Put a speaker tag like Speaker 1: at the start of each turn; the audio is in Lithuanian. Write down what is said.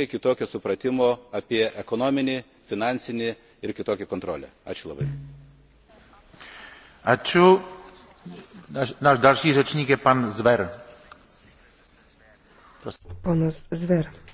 Speaker 1: visiškai kitokio supratimo apie ekonominį finansinį ir kitokią kontrolę. ačiū
Speaker 2: labai. Ačiū. Naš další řečník je pan Zver.
Speaker 3: Ponas Zver.